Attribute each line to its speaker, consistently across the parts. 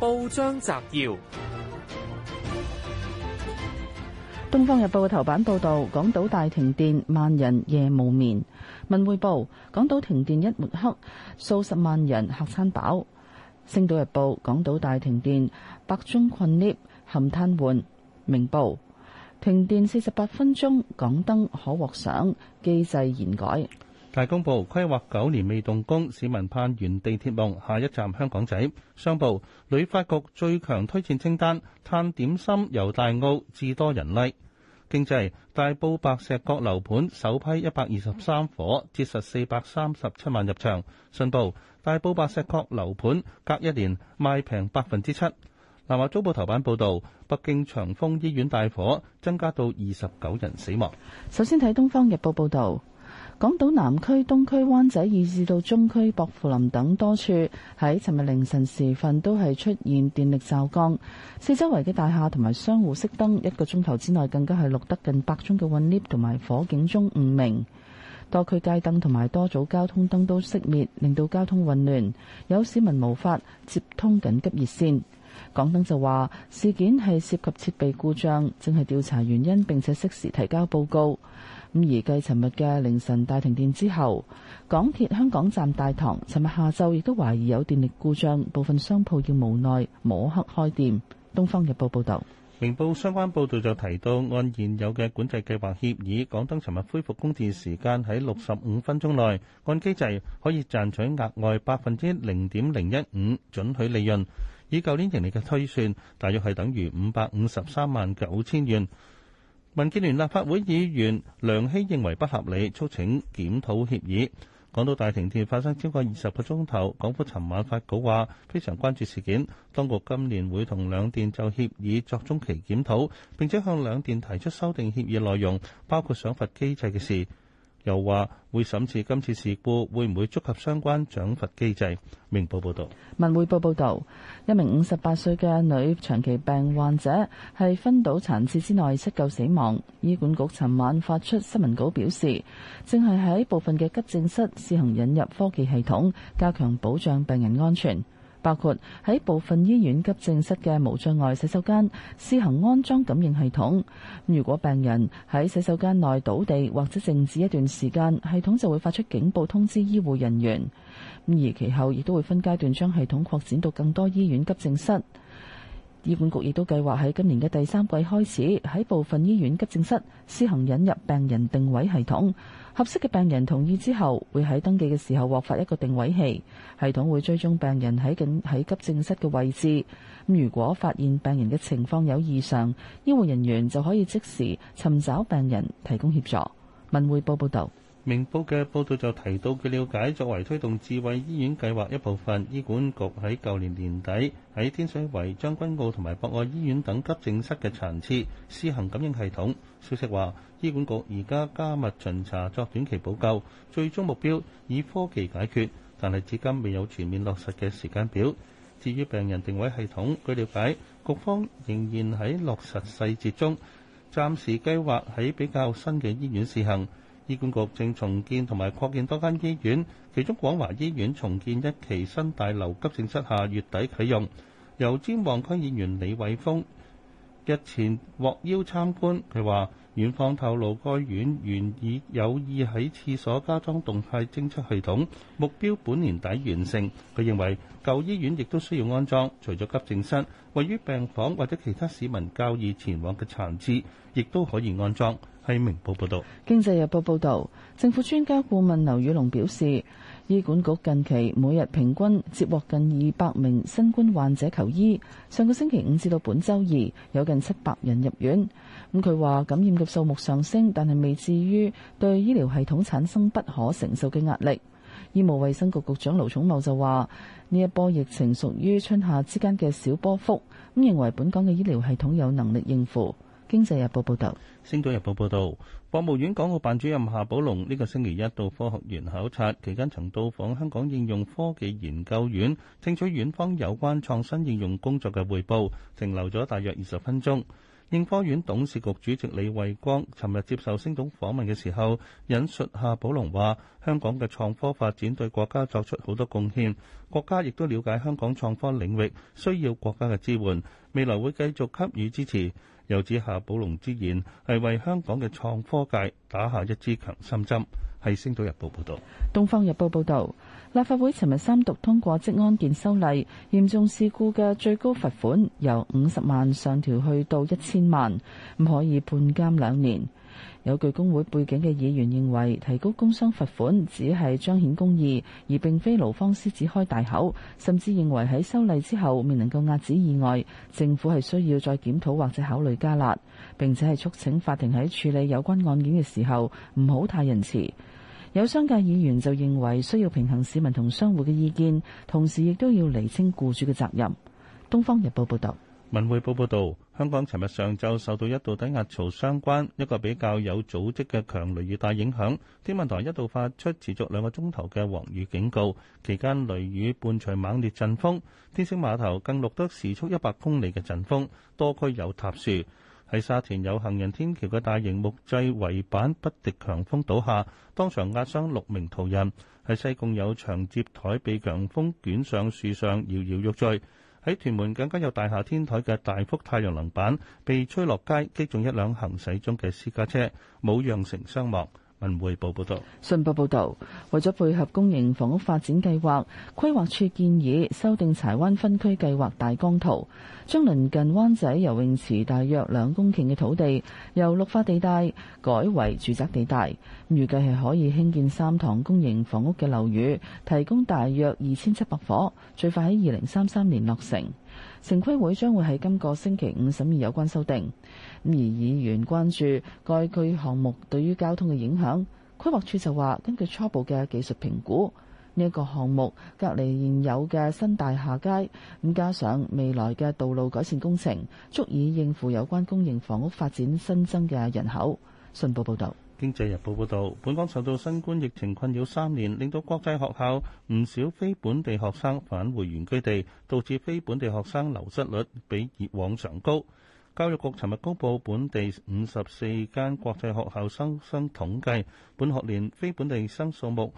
Speaker 1: 報章摘要：《東方日報》嘅頭版報道，港島大停電，萬人夜無眠。《文匯報》：港島停電一抹黑，數十萬人客餐飽。《星島日報》：港島大停電，百中困 𨋢，含癱瘓。《明報》：停電四十八分鐘，港燈可獲賞，機制延改。
Speaker 2: 大公報規劃九年未動工，市民盼圓地鐵夢。下一站香港仔。商報，旅發局最強推薦清單，歎點心由大澳至多人拉。經濟，大埔白石角樓盤首批一百二十三伙，折實四百三十七萬入場。信報，大埔白石角樓盤隔一年賣平百分之七。南華早報頭版報道，北京長峰醫院大火增加到二十九人死亡。
Speaker 1: 首先睇東方日報報道。港島南區、東區、灣仔以至到中區薄扶林等多處，喺尋日凌晨時分都係出現電力驟降，四周圍嘅大廈同埋商戶熄燈一個鐘頭之內，更加係錄得近百宗嘅揾跌同埋火警鐘誤鳴。多區街燈同埋多組交通燈都熄滅，令到交通混亂，有市民無法接通緊急熱線。港燈就話事件係涉及設備故障，正係調查原因並且適時提交報告。咁而繼尋日嘅凌晨大停電之後，港鐵香港站大堂尋日下晝亦都懷疑有電力故障，部分商鋪要無奈摸黑開店。《東方日報》報道，
Speaker 2: 明報相關報導就提到，按現有嘅管制計劃協議，港燈尋日恢復供電時間喺六十五分鐘內，按機制可以賺取額外百分之零點零一五準許利潤，以舊年盈利嘅推算，大約係等於五百五十三萬九千元。民建聯立法會議員梁希認為不合理，促請檢討協議。講到大停電發生超過二十個鐘頭，港府尋晚發稿話非常關注事件，當局今年會同兩電就協議作中期檢討，並且向兩電提出修訂協議內容，包括賞罰機制嘅事。又話會審視今次事故會唔會觸及相關獎罰機制。明報報道，
Speaker 1: 文匯報報道，一名五十八歲嘅女長期病患者係分島殘次之內失救死亡。醫管局尋晚發出新聞稿表示，正係喺部分嘅急症室試行引入科技系統，加強保障病人安全。包括喺部分醫院急症室嘅無障礙洗手間試行安裝感應系統，如果病人喺洗手間內倒地或者靜止一段時間，系統就會發出警報通知醫護人員。咁而其後亦都會分階段將系統擴展到更多醫院急症室。醫管局亦都計劃喺今年嘅第三季開始，喺部分醫院急症室施行引入病人定位系統。合適嘅病人同意之後，會喺登記嘅時候獲發一個定位器，系統會追蹤病人喺緊喺急症室嘅位置。咁如果發現病人嘅情況有異常，醫護人員就可以即時尋找病人，提供協助。文匯報報道。
Speaker 2: 明報嘅報道就提到，據了解，作為推動智慧醫院計劃一部分，醫管局喺舊年年底喺天水圍、將軍澳同埋博愛醫院等急症室嘅層次施行感應系統。消息話，醫管局而家加密巡查作短期補救，最終目標以科技解決，但係至今未有全面落實嘅時間表。至於病人定位系統，據了解，局方仍然喺落實細節中，暫時計劃喺比較新嘅醫院試行。醫管局正重建同埋擴建多間醫院，其中廣華醫院重建一期新大樓急症室下月底啟用。由尖旺區議員李偉峰日前獲邀參觀，佢話院方透露該院原已有意喺廁所加裝動態偵測系統，目標本年底完成。佢認為舊醫院亦都需要安裝，除咗急症室，位於病房或者其他市民較易前往嘅殘廁，亦都可以安裝。《明報》報道。
Speaker 1: 《經濟日報》報導，政府專家顧問劉宇龍表示，醫管局近期每日平均接獲近二百名新冠患者求醫。上個星期五至到本周二，有近七百人入院。咁佢話感染嘅數目上升，但係未至於對醫療系統產生不可承受嘅壓力。醫務衛生局局長盧寵茂就話，呢一波疫情屬於春夏之間嘅小波幅，咁認為本港嘅醫療系統有能力應付。經濟日報報道，
Speaker 2: 星島日報報道，國務院港澳辦主任夏寶龍呢個星期一到科學園考察，期間曾到訪香港應用科技研究院，聽取院方有關創新應用工作嘅匯報，停留咗大約二十分鐘。應科院董事局主席李慧光尋日接受星島訪問嘅時候，引述夏寶龍話，香港嘅創科發展對國家作出好多貢獻，國家亦都了解香港創科領域需要國家嘅支援，未來會繼續給予支持。又指夏寶龍之言係為香港嘅創科界打下一支強心針，係《星島日報》報道。
Speaker 1: 《東方日報》報道：「立法會尋日三讀通過職安健修例，嚴重事故嘅最高罰款由五十萬上調去到一千萬，唔可以判監兩年。有具工會背景嘅議員認為，提高工傷罰款只係彰顯公義，而並非勞方獅子開大口。甚至認為喺修例之後未能夠遏止意外，政府係需要再檢討或者考慮加辣，並且係促請法庭喺處理有關案件嘅時候唔好太仁慈。有商界議員就認為需要平衡市民同商戶嘅意見，同時亦都要釐清僱主嘅責任。東方日報報道。
Speaker 2: 文匯報報導，香港尋日上晝受到一道低壓槽相關一個比較有組織嘅強雷雨帶影響，天文台一度發出持續兩個鐘頭嘅黃雨警告，期間雷雨伴隨猛烈陣風，天星碼頭更錄得時速一百公里嘅陣風，多區有塌樹。喺沙田有行人天橋嘅大型木製圍板不敵強風倒下，當場壓傷六名途人。喺西貢有長接枱被強風捲上樹上遙遙，搖搖欲墜。喺屯門更加有大廈天台嘅大幅太陽能板被吹落街，擊中一輛行駛中嘅私家車，冇釀成傷亡。文匯報報道，
Speaker 1: 信報報道，為咗配合公營房屋發展計劃，規劃署建議修訂柴灣分區計劃大綱圖，將鄰近灣仔游泳池大約兩公頃嘅土地由綠化地帶改為住宅地帶，預計係可以興建三幢公營房屋嘅樓宇，提供大約二千七百伙，最快喺二零三三年落成。城規會將會喺今個星期五審議有關修訂。咁而議員關注該區項目對於交通嘅影響，規劃處就話根據初步嘅技術評估，呢、這、一個項目隔離現有嘅新大廈街，咁加上未來嘅道路改善工程，足以應付有關公營房屋發展新增嘅人口。信報報道。
Speaker 2: 經濟日報報導，本港受到新冠疫情困擾三年，令到國際學校唔少非本地學生返回原居地，導致非本地學生流失率比以往常高。教育局尋日公佈本地五十四間國際學校新生統計，本學年非本地生數目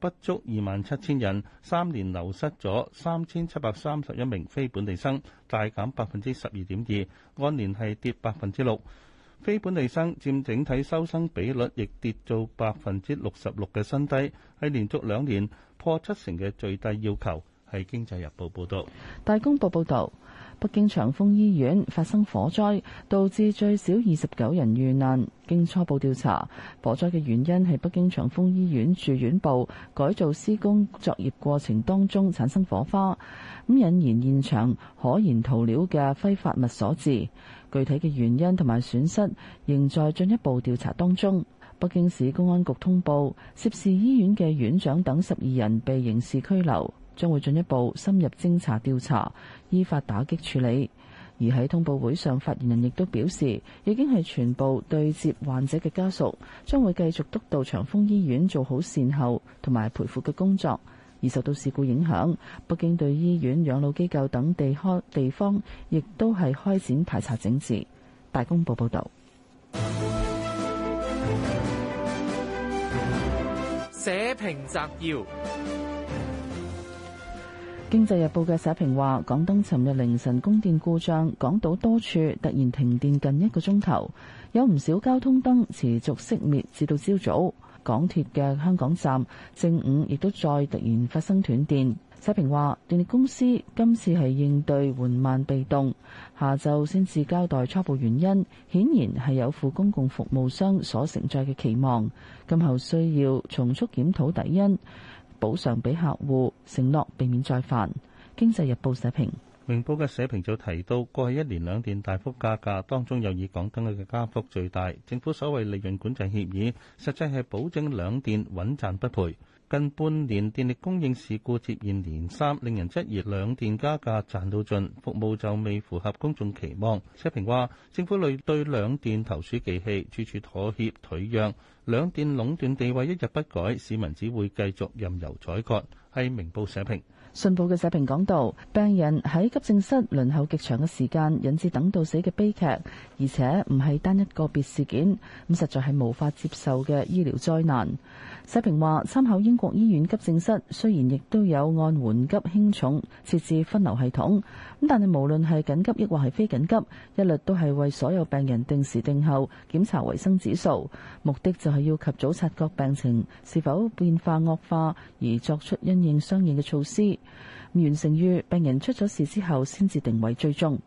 Speaker 2: 不足二萬七千人，三年流失咗三千七百三十一名非本地生，大減百分之十二點二，按年係跌百分之六。非本地生佔整體收生比率，亦跌到百分之六十六嘅新低，係連續兩年破七成嘅最低要求。係經濟日報報導。
Speaker 1: 大公報報導，北京長峰醫院發生火災，導致最少二十九人遇難。經初步調查，火災嘅原因係北京長峰醫院住院部改造施工作業過程當中產生火花，咁引燃現場可燃塗料嘅揮發物所致。具體嘅原因同埋損失仍在進一步調查當中。北京市公安局通報，涉事醫院嘅院長等十二人被刑事拘留，將會進一步深入偵查調查，依法打擊處理。而喺通報會上，發言人亦都表示，已經係全部對接患者嘅家屬，將會繼續督導長峰醫院做好善後同埋賠付嘅工作。而受到事故影響，北京對醫院、養老機構等地開地方，亦都係開展排查整治。大公報報道。
Speaker 2: 社評摘要：
Speaker 1: 經濟日報嘅社評話，廣東尋日凌晨供電故障，港島多處突然停電近一個鐘頭，有唔少交通燈持續熄滅，至到朝早。港鐵嘅香港站正午亦都再突然發生斷電，社評話電力公司今次係應對緩慢被動，下晝先至交代初步原因，顯然係有負公共服務商所承載嘅期望，今後需要從速檢討底因，補償俾客戶，承諾避免再犯。經濟日報社評。
Speaker 2: 明報嘅社評就提到，過去一年兩電大幅加價，當中又以港燈嘅加幅最大。政府所謂利潤管制協議，實際係保證兩電穩賺不賠。近半年電力供應事故接二連三，令人質疑兩電加價賺到盡，服務就未符合公眾期望。社評話，政府類對對兩電投鼠忌器，處處妥協退讓，兩電壟斷地位一日不改，市民只會繼續任由宰割。係明報社評。
Speaker 1: 信報嘅社評講到：病人喺急症室輪候極長嘅時間，引致等到死嘅悲劇，而且唔係單一個別事件，咁實在係無法接受嘅醫療災難。社評話：參考英國醫院急症室，雖然亦都有按緩急輕重設置分流系統，咁但係無論係緊急抑或係非緊急，一律都係為所有病人定時定候檢查維生指數，目的就係要及早察覺病情是否變化惡化，而作出因應相應嘅措施。完成於病人出咗事之後，先至定位追蹤。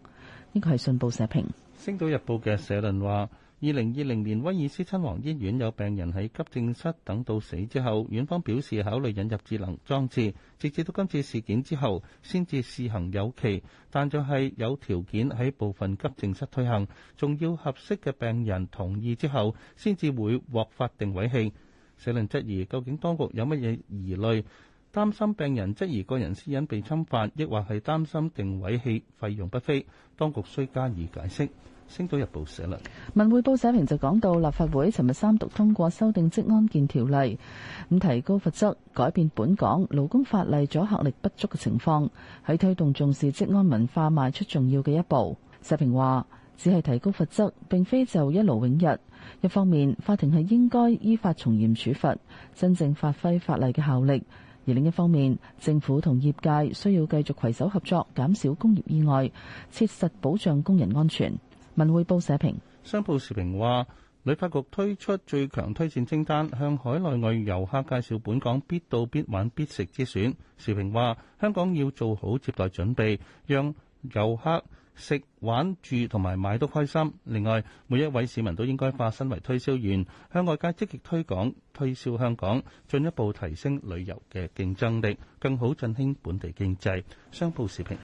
Speaker 1: 呢個係信報社評。
Speaker 2: 《星島日報》嘅社論話：二零二零年威爾斯親王醫院有病人喺急症室等到死之後，院方表示考慮引入智能裝置，直至到今次事件之後，先至試行有期，但就係有條件喺部分急症室推行，仲要合適嘅病人同意之後，先至會獲發定位器。社論質疑究竟當局有乜嘢疑慮？擔心病人質疑個人私隱被侵犯，亦或係擔心定位器費用不菲，當局需加以解釋。星島日報寫啦，
Speaker 1: 文匯報社評就講到，立法會尋日三讀通過修訂職安健條例，咁提高罰則，改變本港勞工法例阻嚇力不足嘅情況，喺推動重視職安文化，邁出重要嘅一步。社評話，只係提高罰則，並非就一勞永逸。一方面，法庭係應該依法從嚴處罰，真正發揮法例嘅效力。另一方面，政府同業界需要繼續攜手合作，減少工業意外，切實保障工人安全。文匯報社評。
Speaker 2: 商報時評話，旅發局推出最強推薦清單，向海內外遊客介紹本港必到、必玩、必食之選。時評話，香港要做好接待準備，讓遊客食玩住同埋買都開心。另外，每一位市民都應該化身為推銷員，向外界積極推廣推銷香港，進一步提升旅遊嘅競爭力，更好振興本地經濟。商報視頻。